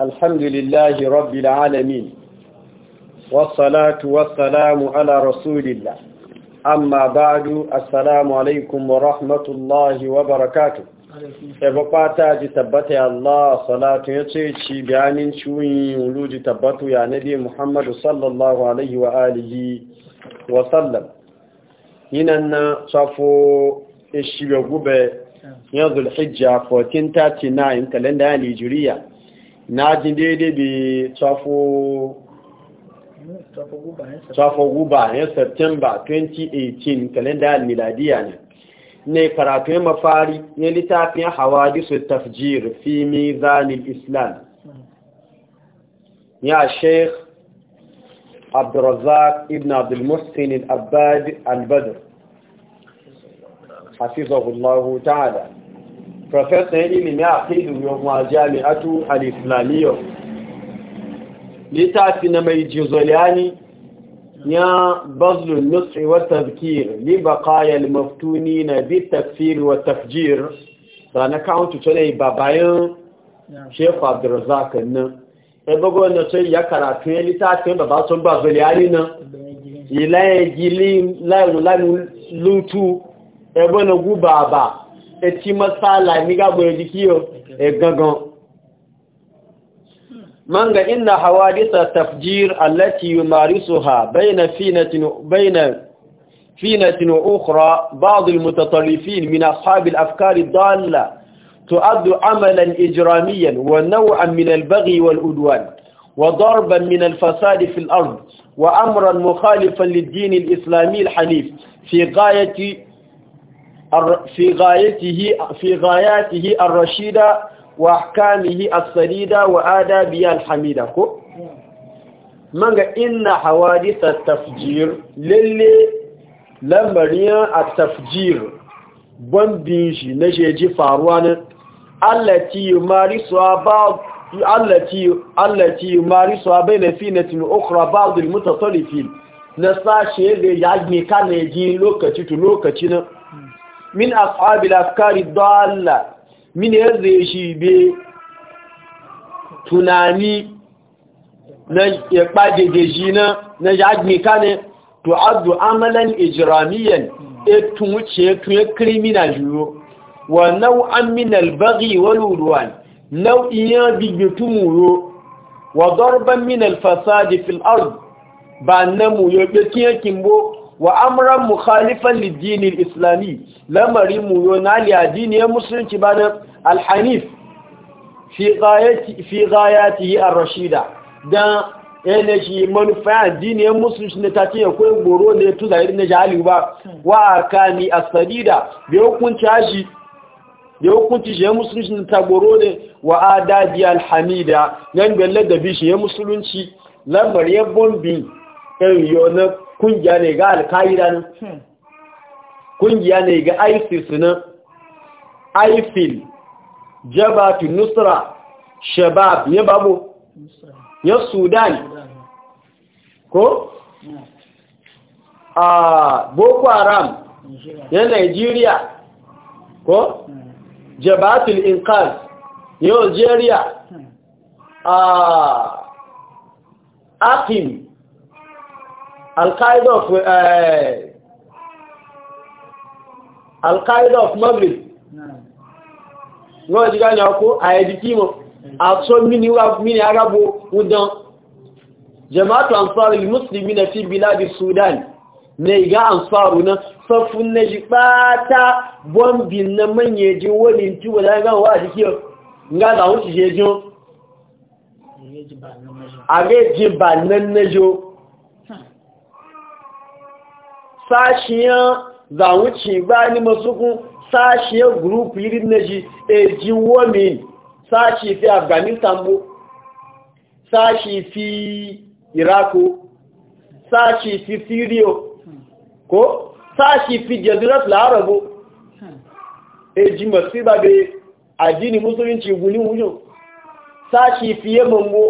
الحمد لله رب العالمين والصلاة والسلام على رسول الله أما بعد السلام عليكم ورحمة الله وبركاته ebopa ta ji tabbata ya Allah salatu ya ce ci bayanin ciwon wuluji tabbatu ya nabi Muhammad sallallahu alaihi wa alihi wa sallam yinan na safo ishi gube yanzu alhijja 1439 kalenda ya Nigeria na jin daidai bi tsafo guba ya september 2018 kalendar miladiya ne ne karatun mafari ya littafin hawadisu tafjir fi mizanin islam ya sheikh abdurazak ibn abdulmuhsin al-abbad al-badr hafizahullahu ta'ala profesa ya ilimi a kaidu yawon jami'atu al-islamiyya littafi na mai jizoliyani ya bazlun nutsi wa tafkir li baqayal maftuni na bi tafsir wa tafjir sana kauntu tare babayan shefu abdurrazak nan e bago na ya karatu ya e littafi da ba sun ba zuliyani nan ilaye gili lalu lutu e bana guba ba ẹtí mọ́sálà nígbàgbọ́ ẹ̀dí kí o ẹ̀gangan manga inna hawadisa tafjir allati yumarisuha bayna finatin bayna finatin ukhra ba'd almutatarrifin min ashab alafkar adalla tu'addu amalan ijramiyan wa naw'an min albaghi waludwan وضربا من الفساد في الأرض وأمرا مخالفا للدين الإسلامي الحنيف في غاية في غايته في غاياته الرشيدة وأحكامه السديدة وآدابه الحميدة كو manga inna hawadisa tafjir lalle lambariyan a tafjir bambin shi na sheji faruwa nan allati marisuwa bai na fi na tinu okra ba'adul mutasolifin na sashe da ya gbe من أصحاب الأفكار الضالة من هذه الشيء بتناني نجد جينا نجد مكان تعد عملا إجراميا اتموت كريمين أجو ونوعا من البغي والولوان نوعا بيتمو وضربا من الفساد في الأرض بأنه يبكيكم بو wa amran mukhalifan lidini islami lamari mu yonali addini ya musulunci bayan alhanif fi ghayati fi ghayatihi ar-rashida dan yana shi manufa addini ya musulunci ne ta ce ko goro ne tu zahiri ne jali ba wa kani as-sadida bi hukunci shi bi hukunci shi ya musulunci ne ta goro ne wa adadi al-hamida nan galle da bi shi ya musulunci lamari ya bombi kan yona kungiya ne ga alkaida nan hmm. kungiya ne ga isis nan aifil jabatu nusra shabab ne babu ya sudan ko hmm. a boko haram ya nigeria ko hmm. jabatul inqaz ya algeria a akim al-qaeda of eh, al-qaeda of maghrib mini arabo udan jama'atu ansar al na fi sudan ne ga ansaru na safin na bombin na manyaji wani a jikiyar nga da wuce a na sashiyan zawuci ba ni masukun sashiyan gurupu yi na ji eji womin sashi fi afghanistan bu sashi fi Iraku sashi fi syria ko sashi fi jazirat larabu eji masu ba bai addini musulunci guni wujo sashi fi yamman bu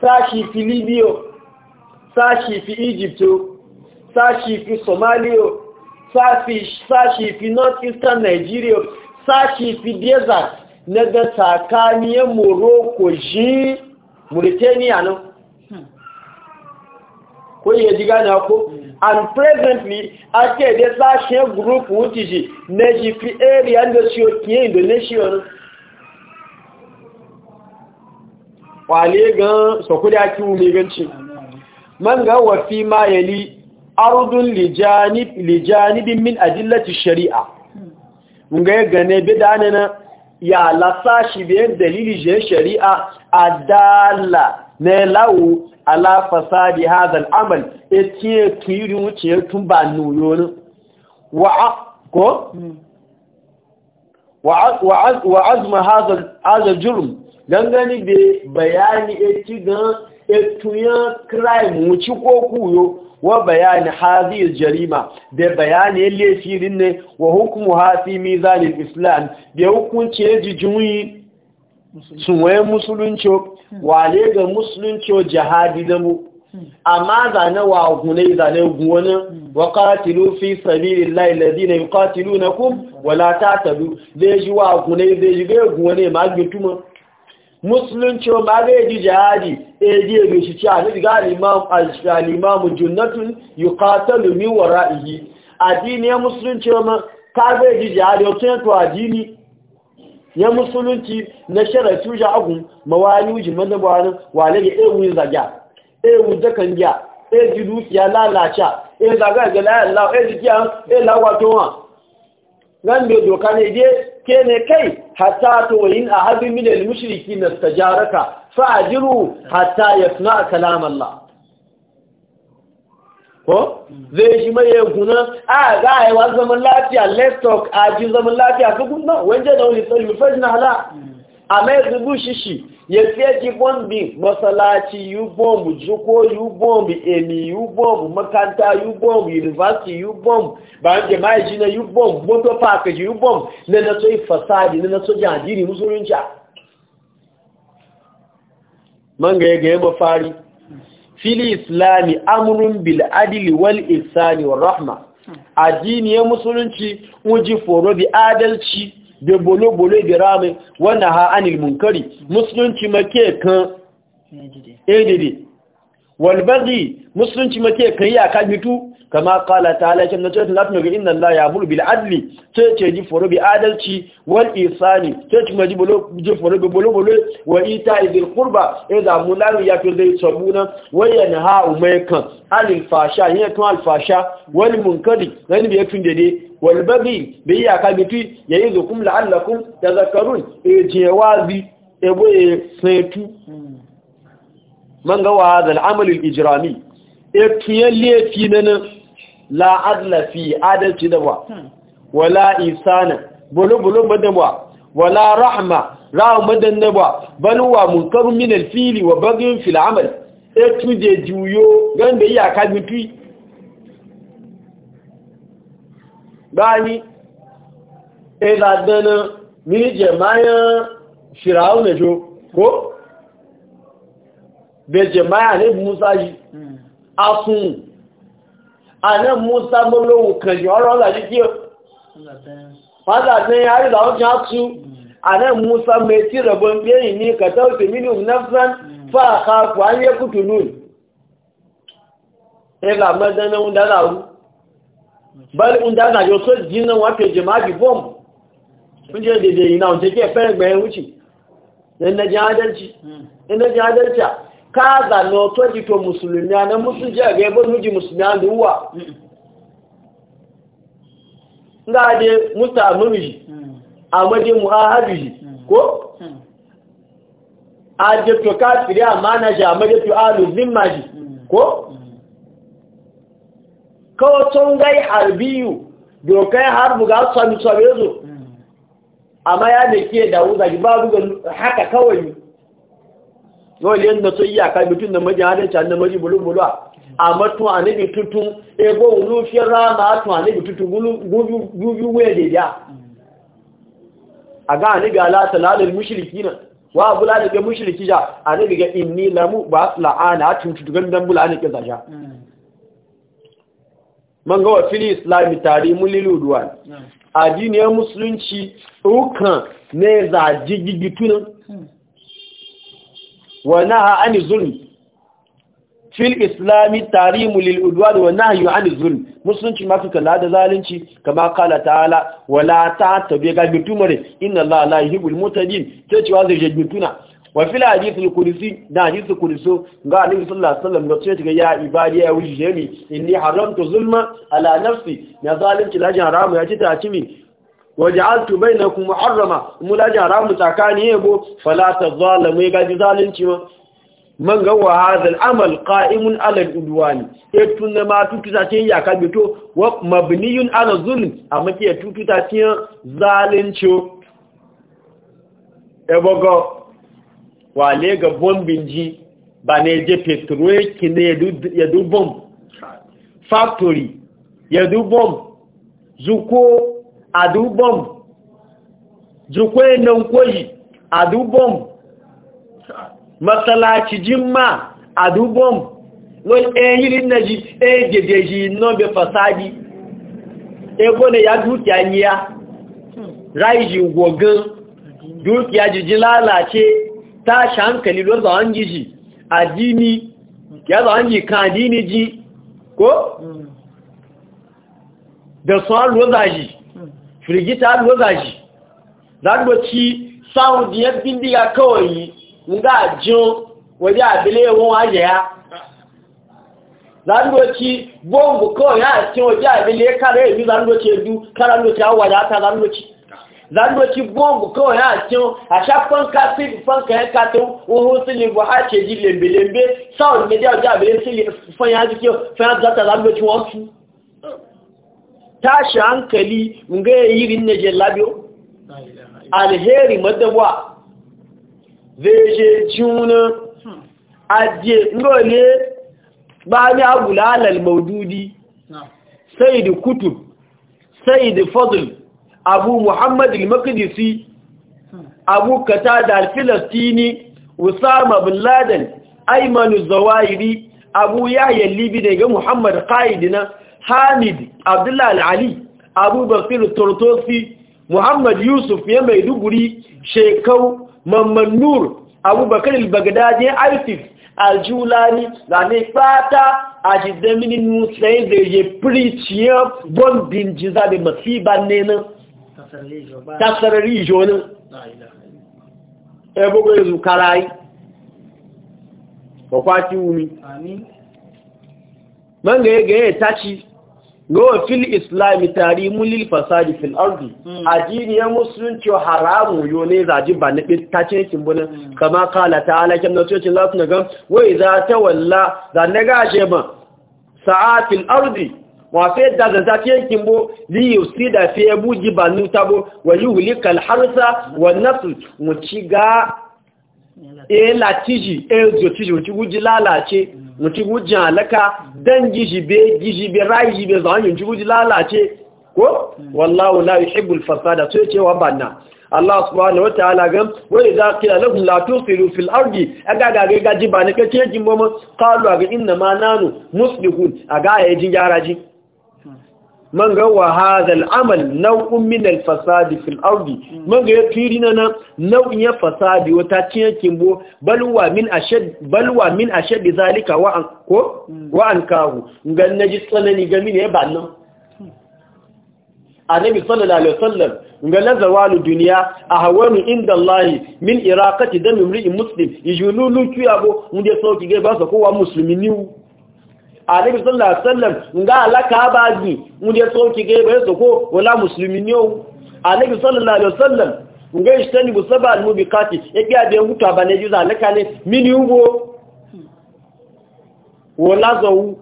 sashi fi libiyo sashi fi egypto sashi fi somalia sashi fi northeastern nigeria sashi fi desert na ga tsakaniyar morocco shi mauritania nan hmm. ko iya ji gane ko hmm. and presently ake da sashen group wuce shi na shi fi area da shi okiye indonesia nan kwale gan sakuda kiwu mai gancin man ga fi ma yali ardun lijanib lijanibin min adillati shari'a mun ga gane na ya lasa shi biyan dalili je shari'a adalla ne lawu ala fasadi hadha al-amal etiye kiri wuce tun ba nuyo ne wa azma hadha hadha jurm dangane da bayani eti gan ya crime mu ci ko kuyo wa bayani hadhihi jarima da bayani laifi ne wa hukumu hafi islam da hukunci ya ji juyi suwaye musulunci wale ga musulunci jihadi da mu amma zane wa gunai zane wani wa qatilu fi sabilillahi alladhina yuqatilunakum wala tatadu zai ji wa gune zai ji ga gune ma gituma musulunci ba zai ji jihadi eh ji ya shi ci a ni ga imam al-imam junnatun yuqatalu min wara'ihi addini ya musulunci ba ka zai ji jihadi o tun to addini ya musulunci na shirar tuja agun mawani wujin madabarin wale da ewu yin zagya ewu zakan giya e ji dukiya lalacha e zaga ga la Allah e ji ya e lawa to wa nan me doka ne je kene kai hatta to a ahadin min al-mushriki nastajaraka fa'jiru hatta yasma kalam Allah ko zai shi mai guna a ga ai wa zaman lafiya let's talk a ji zaman lafiya ka guna wanje da wani tsari fajna hala a mai zubu shi. ya fiye ji bombi masalaci yu bomb juko yu bomb emi yu bomb makanta yu bomb university yu bomb ba an jama'a ji yu bomb motor park yu bomb na na so fasadi na na so jadiri musulunci man ga ya fari. fili islami amurin bil adili wal ihsani wa rahma addini musulunci wuji foro bi adalci da bolo-bolo da rami wannan ha munkari musulunci make kan edede walbaghi musulunci mace kai ya ka mitu kama qala ta'ala kin nace tun latin ga inna allaha ya'muru bil adli sai ce ji foro bi adalci wal ihsani sai ce maji bolo ji foro bi bolo bolo wa ita'i bil qurba idan mularu ya fi dai sabuna wa yanha umayka anil fasha yana tun al fasha wal munkari wani bi yakin dede wal baghi bi ya ka mitu yayizukum la'allakum tadhakkarun e jewazi e, e setu من هو هذا العمل الإجرامي إكي اللي فينا لا عدل في عدل تدوى ولا إنسان بلو بلو مدوى ولا رحمة راو مدنوى بلو منكر من الفيل وبغي في العمل إكي دي جويو غن بي أكاديمي باني إذا دانا من جمعي شراو نجو كو bẹ jẹmáyà ní musa yìí hmm. asun àná musa mọ́lọ́wọ́ kànjì ọ̀rọ̀ ọ̀làjí kí o fàtà ní àrílà ọjọ́ àtú àná musa mẹ́tí rẹ̀bọn pẹ́yìn ní kàtà òkè mínú nafsan hmm. fàákà ayékùtù nù ẹgbà mẹ́dánà ń dára rú bẹ́ẹ̀ jẹ́ adẹ́jì ẹnẹ́jẹ́ kaza na otu jito musulmi a na musulmi a ga-ebe nuji musulmi a n'uwa nga ade musta amuriji hmm. amadi muhahariji hmm. ko hmm. ade to kafiri a manaji amadi to alu zimmaji ko kawacin gai harbiyu dokai harbu ga sami sabe amma ya da ke da wuzaji babu haka kawai yau yadda so iyaka mutum da maji hadin can da maji bulubulu a matu a nabi tutun ego wulufiyar rama a tun a nabi tutun gugu wuya da ya a ga nabi alata lalar mushiriki nan wa bula da ga mushiriki ja a nabi ga inni lamu ba la'ana a tun tutugan dan bula ne kisa ja man ga wa fili islami tare mun lilu duwan addiniyar musulunci ukan ne za jigigitunan wa naha ani zulmi fil islami tarimu lil udwan wa nahyu anil zulm musulunci ma suka lada zalunci kama kala ta'ala wala ta tabi ga mutumare inna allaha la yuhibbul mutadin ce cewa zai jigutuna wa fil hadithul qudsi da hadithul qudsu ga annabi sallallahu alaihi wasallam da ce ga ya ibadi ya wujjemi inni haramtu zulma ala nafsi na zalunci la jin haramu ya ci ta cimi waj'altu bainakum muharrama mulaji haramu tsakani yabo fala tazalamu ga zalunci ma man ga wa hadha al-amal qa'imun 'ala al-udwan e ma tututa ya bito wa mabniyun 'ala zulm amma ke tututa ce zalunci ebogo wale ga bombin ji ba ne je petrol kine ya du bomb factory ya du bomb zuko adubom jukwe nan koyi adubom masalaci jimma adubom wọ́n ẹ̀yìn e, na e, jí ẹgbẹ̀gbẹ̀ yìí náà bẹ fasadi ẹgbọ́n e, ya dúkìá yíya ráìjì wọ̀gán dúkìá jìjì lálàáṣẹ́ táṣà ń kẹ̀lẹ̀ lọ́zọ̀ wọ́n jìjì yìí firgita an hoza shi zangoci samun diyar bindiga kawai nga jin waje abile yawon waje ya zangoci bombu kawai ya cikin waje abile kare yi zangoci yadu karangoci ya wadata zangoci zangoci bombu kawai ya cikin a shafin kasi fanka ya katin uhun silin bu hace ji lembe-lembe samun media waje abile silin fan ya jikin fan ya zata zangoci wasu tashi hankali nga ya yi rinne je alheri madawa zai je juna ajiye ngole abu lalal maududi sai da kutub sai fadl abu muhammad al hmm. abu katada al-filastini usama bin laden aimanu zawairi abu yahya libi daga muhammad qaidina hamid abdullahi ali abubakar tortosi muhammad yusuf ya maiduguri shekau mamman nur abubakar albagdaje isis aljulani zane fata a jidaminin musayi da ya firiciyar bombin jiza da masiban ne nan tasarari ijonin ebogo yanzu karayi ba kwaci wumi man ga ya ta ya taci Gowa fil islami tari mulil fasadi fil ardi hmm. ajiniyar musulunci haramu yo ne zaji ba na tace kimbunan hmm. kama kala ta alakin na cocin za su na gan wai za ta walla za na gashe ba sa'afil ardi wafe da zanta ce kimbo li yusi da fiye buji ba nutabo wa wani hulikal harsa wa nasu mu ci ga e eh, latiji e eh, zotiji wuti guji lalace wuti guji alaka dan gishi be gishi be rai gishi be zawon wuti guji lalace ko wallahu la al fasada sai wa banna Allah subhanahu wataala gam wani za kila lahum la tusilu fil ardi aga ga ga ji ba ne kace jin mama qalu aga inna ma nanu muslihun aga ya jin yaraji man ga amal nau'un min al fasadi fil ardi man ga yafiri na nau'in ya wata cin yakin balwa min ashad balwa min ko an kahu ngan naji tsanani ga mine ba nan annabi sallallahu alaihi wasallam ngan la zawalu dunya ahwanu inda allah min iraqati dam imri muslim yujululu kiyabo mun da sauki ga ba sa kowa musulmi alaihi sallallahu alaihi wasallam nga alaka baji mudi so ki ge be so ko wala muslimi ni o alaihi sallallahu alaihi wasallam nga ishtani bu sabal mubiqati e ge ade mutu abane ju za alaka ne mini ugo wala zo u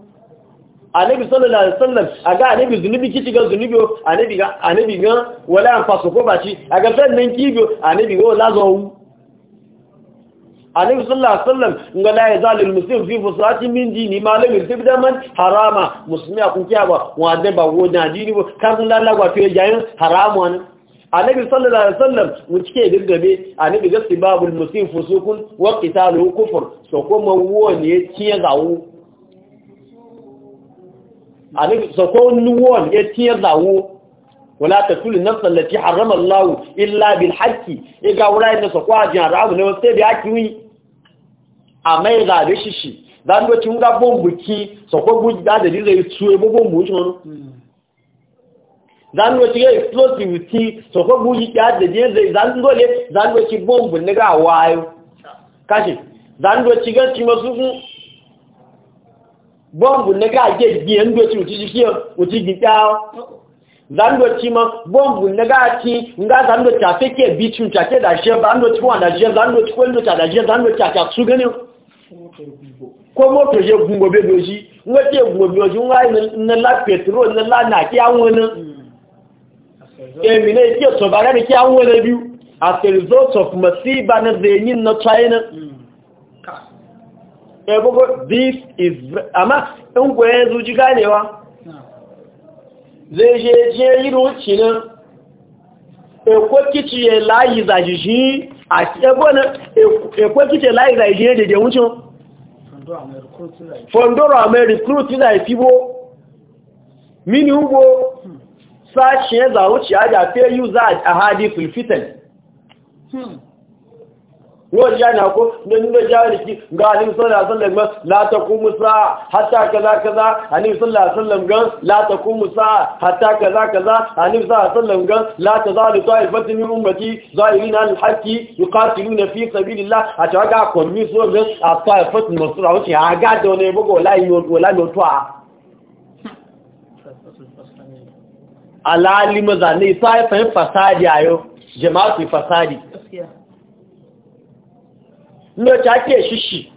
alaihi sallallahu alaihi wasallam aga alaihi zunubi ki tiga zunubi o alaihi ga alaihi ga wala an faso ko baci aga fen men ki go alaihi go wala zo u annabi sallallahu alaihi wasallam inga la yazal al muslim fi fusati min dini ma lam yirtib daman harama muslimi akun kiyaba wa da ba go na dini ba kan la la gwa fe yayin haramu ne annabi sallallahu alaihi wasallam mun cike dirgabe annabi gasi babul muslim fusukun wa qitalu kufur so ko mawo ne ciye zawo annabi so ko nuwo ne ciye zawo wala ta tuli nafsan lati harrama Allah illa bil haqqi e ga wura ne sai bi haki amai da be shishi dan do tun ga bombuki so ko guji da da zai tuwe bo bombu shi wono dan do ti explosive ti so ko guji da da zai dan do le dan do ti bombu kashi ti ga ti ti zandoci ma bombu na gaci nga zandoci a fake bicin take da shi zandoci kuma da shi zandoci kwallo ta da shi zandoci a ta su gani ko moto je gungo be doji nga te gungo be doji nga na la petrol na la na ki an wani e mi ne ke to ba ki an wani biyu as a result of masiba na zenin na china mm. e bogo this is ama in gwe zuji ganewa zai je je yin wuce nan ekwakici ya layi zajishi a ebona ekwakici ya layi zajishi ya jeje wucin fondoro amai recruit mini ugbo sashen ya zawuci a jafe yi za a ruwan ya na ko na nuna jariki ga alim sallallahu alaihi wasallam la ta taqumu sa'a hatta kaza kaza alim sallallahu alaihi wasallam gan la ta taqumu sa'a hatta kaza kaza alim sallallahu alaihi wasallam gan la tazalu ta'ifatu min ummati zahirin al haqqi yuqatiluna fi sabilillah a ta ga kunni so gan a ta'ifatu masura wuce a ga da ne bugo la yi wala no to a alali mazani sai fa fasadi ayo jama'atu fasadi gaskiya nnoci ake shishi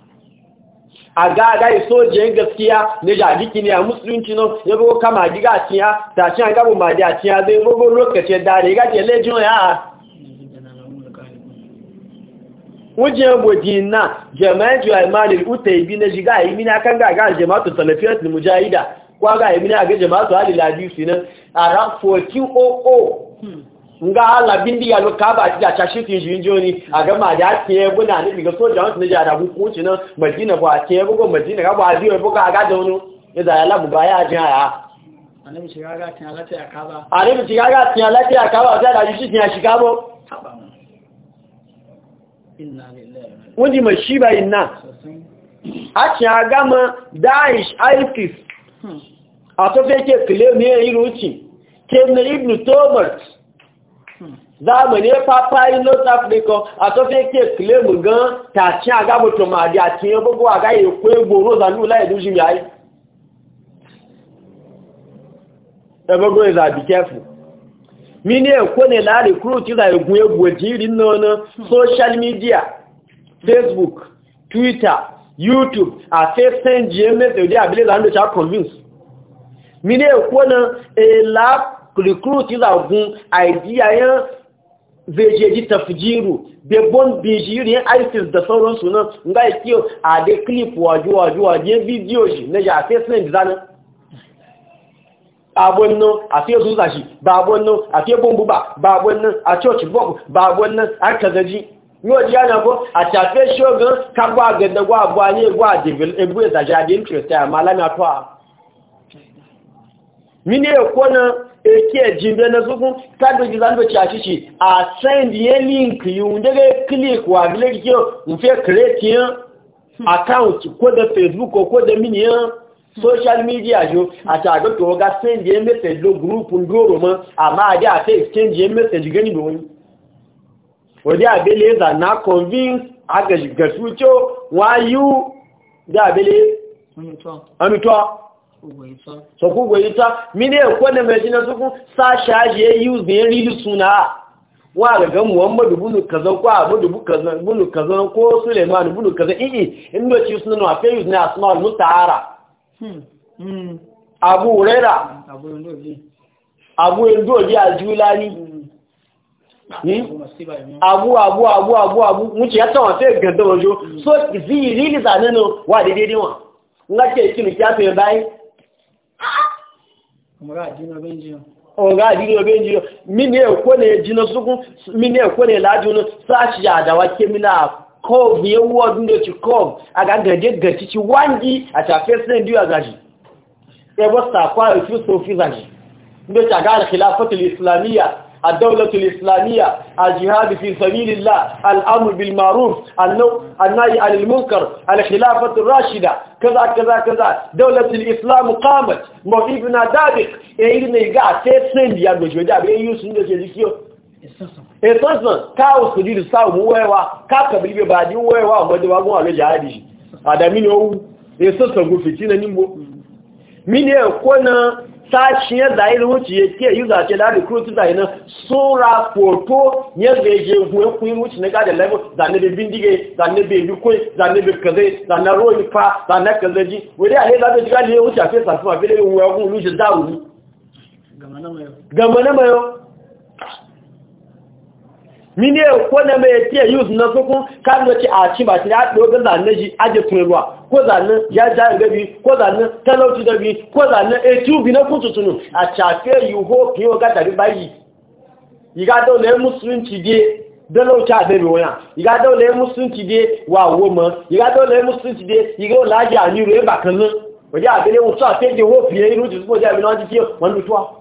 a gaga isojiyan gaskiya na jajiki ne a musulunci nan ya gogo kama diga a ciya tashi an gabo madi a ciya zai gogo lokacin dare ga ke lejin ya a wujen gwaji na jama'in juwaimani uta ibi na shiga imi na kan gaga jama'atu salafiyar mujahida kwa ga imi na ga jama'atu halilabi su nan a 1400 nga ala bindi ya loka ba ji ta shi tin jin joni a ma da ke buna ni biga soja ni ja da ku ci nan madina ba ke bu bugo madina ga ba ji ba ga ga da wono ya da bu ba ya ji ya annabi shiga ga ti ti ala tin alati ani annabi shiga ga ti ala ti alati akaba da da shi tin shiga bo inna lillahi wani mai shi ba inna a ci a gama daesh isis hmm. a to fake kile ne iruci ke na ibnu tobert zamani papai north africa atofe claim gan ta chin agabo di ati en gogo aga epo egbo roza lu la edu jimi ayi ebogo is be careful mini ekwo ne la recruit ga egun egbo ti ri no no social media facebook twitter youtube afi send gms la na bejeji tafjiru be bon bejiri bijiyoyin isis da sauransu nan ga ya kiyo a dai clip wajuwa-juwa-juwa bidiyo shi na ya fi suna bizanin babon nan a fiye zuza shi babon nan a fiye bombu ba babon nan a church bomb babon nan a kazaji yóò di yana ko a tafe shogun kagwa gada gwa gwa ne gwa devel ebe da jadi interest a malami atuwa mini ekwana eke jinde na zugun kado jizan be chachichi a send ye link yundege click wa bile kiyo mfe create yan account ko da facebook ko da mini yan social media jo ata go to ga send ye message lo group ndoro ma ama ade ta exchange ye message gani do woni a abele za na convince a aga gasucho wa you da abele anu to sọ̀kú gbèyítá mílé ẹ̀kọ́ lẹ́mẹ̀ẹ́jìnà sókún sáṣáṣe yíùzì ń rí lùsùnà wọ́n àgbẹ̀gbẹ̀ muhammadu búlù kazan kó àbúdù búlù kazan ko suleiman búlù kazan iyi inú suna sunan àfẹ́ yìí ní asmal mutahara abu rẹ́ra abu indóòdí àjúlání hmm. hmm? abu abu abu abu abu mú ti yàtọ̀ wọn fẹ́ gẹ̀dọ̀ ọjọ́ so ìzí ìrí ìlìsà nínú wà dédé níwọ̀n ń gá ọ̀rọ̀ àdínú ọbẹ̀ ìjìyọ mínú ẹ̀kọ́ ní ẹjìnà sókún mínú ẹ̀kọ́ ní ìlàjú ní sáàṣì àdáwà kémínà kọ́ọ̀bù yẹn wọ́ọ̀dún ló ti kọ́ọ̀bù agagẹ̀dẹ̀ gẹ̀ẹ́tì ti wáńjí àti àfẹ́sẹ̀ islamiyya الدولة الإسلامية الجهاد في سبيل الله الأمر بالمعروف النهي عن المنكر الخلافة الراشدة كذا كذا كذا دولة الإسلام قامت موقفنا دابق إيرنا يقع تسند يا مجودة بأيو سنة جديكيو إتصن كاو سجير الساو موهوا كاكا بلبي بادي موهوا مدواغون على جهادي هذا مين هو إتصن قل نمو مين يكون ta ṣe yẹ́ ya ke yi zace da recruit zai nan sora foto ya zai je huwa kuyi wuce na gadon laifin zane bai bindige zane bai yi kwai zane bai kazai zane roli fa zane a hezar da shiga da ya a mini e ko na mai tiya yus e na sukun kan wace a ci ba ci ya dogo zanne ji aje tunruwa e ko zanne ya ja gabi ko zanne talauci gabi ko zanne e tubi na kutu tunu a chafe yu ho ki o ga dari bayi iga do le musulunci die de a dabi wani iga do le musulunci die wa wo mo ga do le musulunci die iga o laji aniru e bakan nan waje abele wutu a teje ho fiye iru ti suko je abinu an ti fiye wọn lutuwa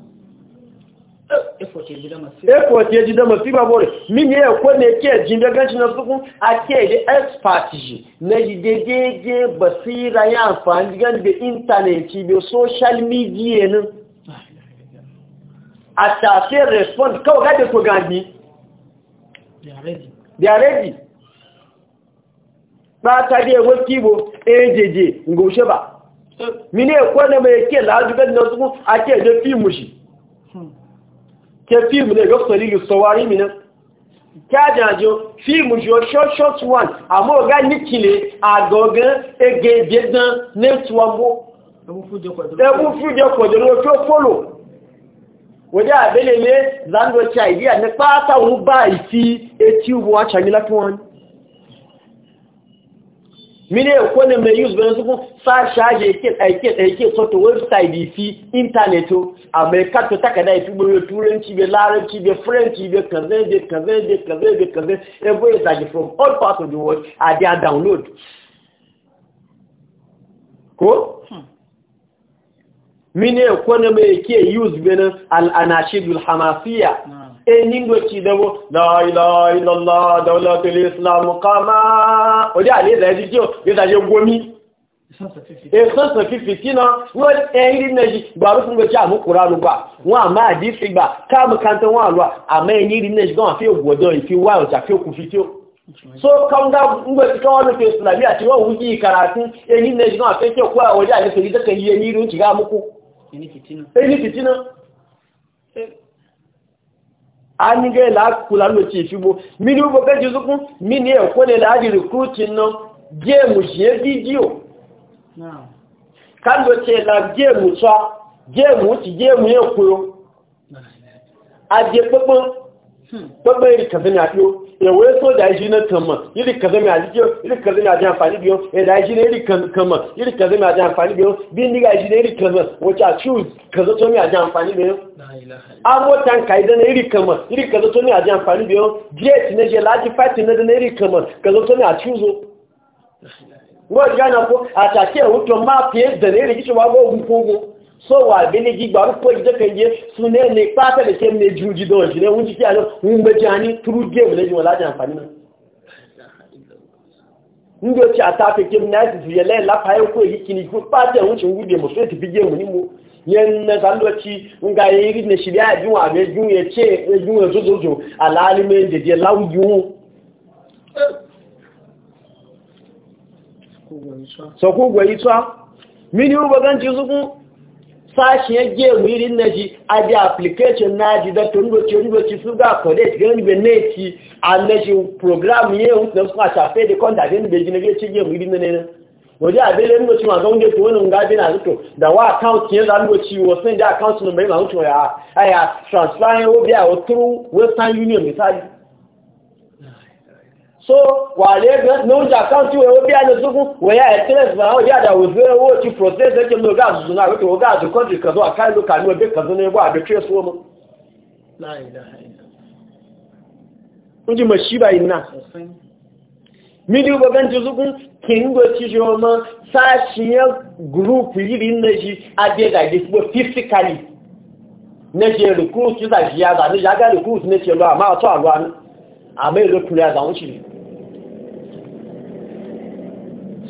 Eko ti eji dama si babo re, mi ni ne ki eji mbe ganchi na sukun, a ki eji expert ji, na ji dedeje basira ya amfani gan be internet be social media ne. A ta se respond, kawo gade ko gandi? They are ready. Ba ta de ewe kibo, ejeje, eh, ngoshe ba. Eh. Mi ni ekwe ne me ki elazu gan na sukun, a ki eji fi mushi. ke fíìmù lè yóò pẹ̀lú ìsọwárí mi náà kí àjàjò fíìmù jọ short one àmọ́ ọ̀gá nìkìlẹ̀ àgọ̀gán ege ìdẹ́gbọ́n nẹ́tíwọ́gbó ẹkú fújọ pọ̀jọ ló tó fọ́lò wòdí àbẹ́lẹ̀lẹ́ zandocha ìdí àti pátá òun ba ìfi etí ìwọ̀n àṣàmílá fún wọn ni mine kone mai use bane ko sa shaje yake tsaike tsaike so to website fi internet to america to taka da fi boyo turanci be larabci be french be kaze be kaze be kaze be kaze every is from all parts of the world are there download ko mine hmm. kone mai yake use bane al anashidul hamasiya ẹni ngochi dẹwọ láìlá ìlọlá dáwọlá tẹlẹ islam kama òdí àlèdà ẹjí tí ó gbẹ́dàjẹ gbomi ẹ̀sọ́sọ̀ fífi tí náà wọ́n ẹ̀rí nẹ́jì gbàrú fún gbẹ́jì àmúkùrá ló gbà wọ́n àmá àdífì gbà káàmù káńtẹ́ wọ́n àlọ́ àmá ẹ̀yìn rí nẹ́jì gan àfi ògbọ̀dọ̀ fi fi so fi gan an ga la kula no ci fibo mini bo ka jizuku mini e ko ne la di recruiting no game je video na kan do ce la game twa game ti game y'e ko a je popo hmm. popo ri ka bina yo ìwé tó dájí náà kànmọ̀ yìí kàzẹ́mì àjíjọ́ yìí kàzẹ́mì àjí àǹfàní bí ó ẹ̀dá ìjí náà kànmọ̀ yìí kàzẹ́mì àjí àǹfàní bí ó bí nígbà ìjí náà kànmọ̀ wọ́n ti àṣù kàzẹ́ tó ní àjí àǹfàní bí ó amóta nǹka ìdá náà kànmọ̀ yìí kàzẹ́ tó ní àjí àǹfàní bí ó díẹ̀ tí náà ṣe láti fáìtì náà kànmọ̀ kàzẹ́ tó ní àṣùzọ wọ́n ti gánà fún so wà bílí gbígbà rúpò ìjọkẹ̀yẹ súnlé ní pátẹ̀ ne ṣe mẹ́ ju jídọ̀ ìṣẹ́lẹ̀ oúnjẹ kí a lọ ń gbẹ́jẹ́ a ní túrú géèmù lẹ́yìn wọn láti àǹfààní ata níbi ọtí àtàkì géèmù náà ti fìyẹ lẹ́yìn lápáyé kó èyí kìíní fún pátẹ̀ oúnjẹ ń wúdè mọ̀sọ́ ti fi géèmù nímú yẹn na zandoci nga yi e ri ne shirya ajiyun a mejun ya e ce ejun ya e zozozo alalimin da je lauyun so kogwa yi tsa mini ubaganci zukun sashi ya ge wirin na ji a di application na ji da tun roci roci su ga college ga ni bene ci an na ji program ye un da suka shafe da konta da ni be ji ne ge ci ge wirin ne ne waje a bele ni roci ma ga ko to wannan ga bi na zuto da wa account ye da roci wo sen da account number ma zuto ya aya transfer ye wo bi a wo through western union misali so wàlẹ́ gan ní oúnjẹ àkáǹtì ìwé bí a lè sókún wẹ̀yà ẹ̀tẹ́lẹ̀sì náà wọ́n yàdà òfin owó ti process ẹ̀kẹ́ ló gáàsì sùn náà wípé wọ́n gáàsì kọ́ńtì kan tó àkáì ló kà ní ọbẹ̀ kan tó ní ẹgbẹ́ àbẹ̀ trace mọ́. ń jí mọ̀ sí báyìí náà mídíò gbọ́gbẹ́ ti sókún kì ń gbé ti ṣe ọmọ sáàṣìyàn gúrúùpù yìí ní ṣe adédàgbé fún physically ní ṣe recruit ní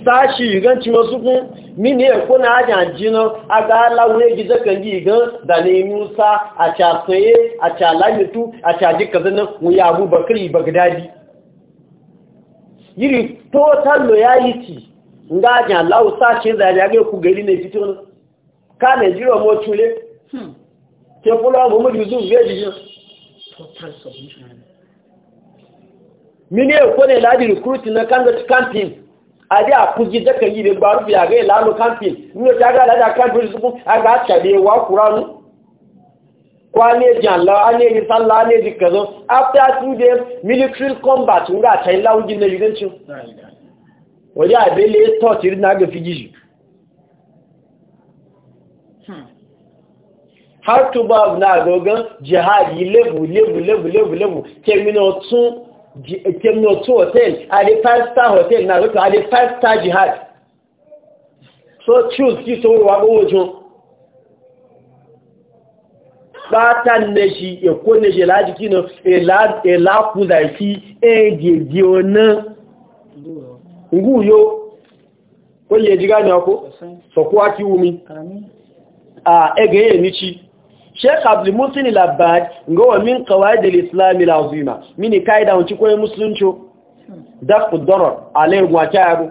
sashi gan ci wasu kun mini ya kuna ajan jino a ga lawune gizo kan ji gan da na ne musa a ca tsaye a ca lamitu a ca jika zanen wuya abu bakari bagdadi yiri total loyalty nga ajan alawu sashi da ya ga ku gari ne fito na ka nigeria mo chule hmm. ke fula mu mu yuzu ve jino total submission mini ya kuna ladi recruit na kan da ade akuji daga yi da gbaru biya ga ilalu kamfin nuna ta ga lada kamfin su a ga cabe wa kuranu kwa ne janla a ne yi tsalla ne ji kazo after two days military combat n ga cayi lawujin na yugancin waje abele touch irin na ga fiji har to ba na gogon jihadi lebu lebu lebu lebu lebu kemnotu hotel a five star hotel na roto a five star jihad so choose kí sọ wà owó jùn pátá nẹ́ṣì èkó nẹ́ṣì láti kí náà èlákùnlá sí èdèdè ọ̀nà ngú yóò kó yẹ jígá ní ọkó sọ̀kọ́ á kí wumi a ẹgẹ̀yẹ̀ ah, e níchi Sheik Abdul Musin al-Abbad ngo wa min qawaid al-Islam al-azima mini kaida wanci koyi musulunci dafu darar alai wa ta'abu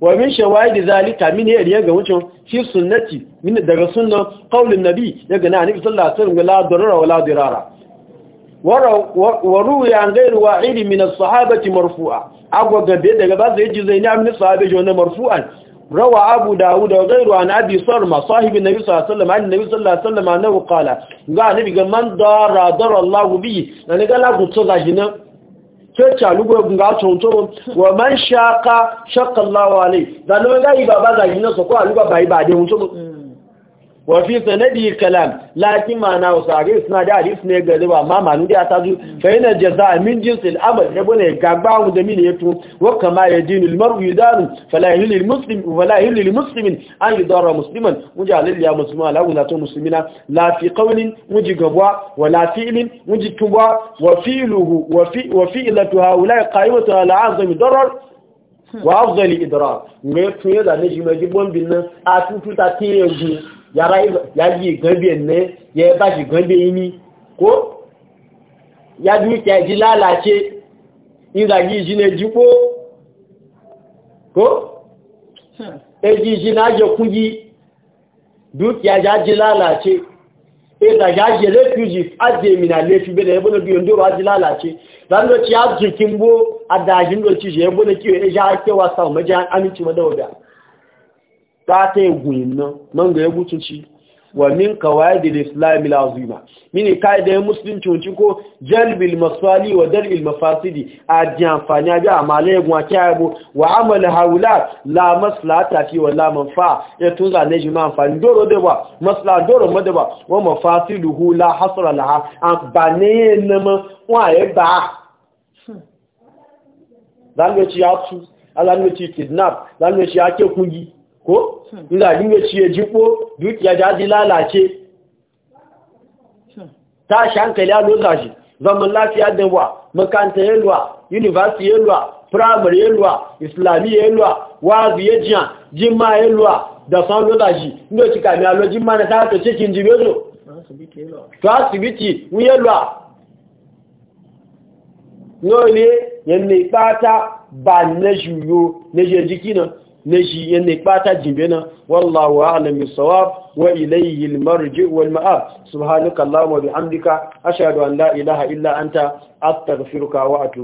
wa min shawaid zalika mini yariya yaga wucin fi sunnati mini daga sunna qaulin nabi daga na nabi sallallahu alaihi wasallam la darara wa la dirara waru ya gairu wa min as-sahabati marfu'a agwa gabe daga ba zai ji zaini amin sahabe jona marfu'an روى أبو داود وغيره عن أبي صرمة صاحب النبي صلى الله عليه وسلم عن النبي صلى الله عليه وسلم أنه قال قال النبي من دار دار الله به يعني قال لك تزاجنا kyacha lugo ga tonto wa man shaqa shaqa Allahu alayhi da no ga iba ba ga jina so ko alugo ba iba de hunto wafi sanadi kalam lakin ma'ana wasu a gaisu na da hadisi ne ga zuba ma manu da ta zu fahimta jaza min jinsin amal ya bane gagba mu da mini ya tu wa kama ya dinu limaru yudanu falahilil muslim falahilil muslimin an yudara musliman muji aliliya musulman ala guna to musulmina la fi qawlin muji gabwa wa la fi'lin muji tubwa wa fi'luhu wa fi wa fi'latu haula qa'imatu ala azami darar wa afdali idrar ngai tuya da ne jimaji bombin nan a tututa tiye gu yáyí ìgbẹ́bí ẹ̀nẹ́ yẹ bá ṣe gbẹ́bí iní kó yájú ìkẹ́ ẹ̀jí lálàáṣẹ́ ìrìnàjí ìṣínà ìjípó kó ẹjí ìṣínà ajọkún yí dúkìá jájí lálàáṣẹ́ ìrìnàjá jẹ lẹ́fíjì ájẹ ìmìnà lẹ́fí bẹ́ẹ̀ ẹgbọ́n bí ondó wájí lálàáṣẹ́ lánàá tí a jù kí ń bó adájí ló ti ṣe ẹgbọ́n ta gun nan man ga ya gutuci wa min qawaidil islam alazima mini kaida musulunci unci ko jalbil masali wa dalil mafasidi aji amfani aji amale ake akiyabo wa amal haula la maslahata fi wa la manfa ya e tunza ne jima amfani doro de ba masla doro ma de ba wa mafasiluhu la hasra laha abane nama wa e ba dan ne ci atu ala ne ci kidnap dan ne ci ake kungi ko ina dinga ciye jiko dukiya da ji lalace ta hankali a loza shi zaman lafiya da wa makanta yalwa university yalwa primary yalwa islami yalwa wazi yajiya jimma yalwa da san loza shi inda ci kami alo jimma na ta cikin to asibiti un yalwa no ne yanne ipata ba na juyo na jejiki nan na shi yanne bata jibe wallahu a'lam bis wa ilayhi al-marji' wal ma'ab subhanakallahumma wa bihamdika ashhadu an la ilaha illa anta astaghfiruka wa atubu